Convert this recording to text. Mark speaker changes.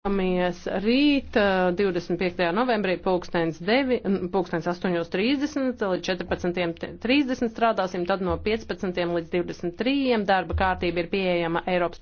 Speaker 1: Tiekamies rīt, 25. novembrī, pulkstens 8.30 līdz 14.30 strādāsim, tad no 15. līdz 23.
Speaker 2: darba kārtība ir pieejama Eiropas.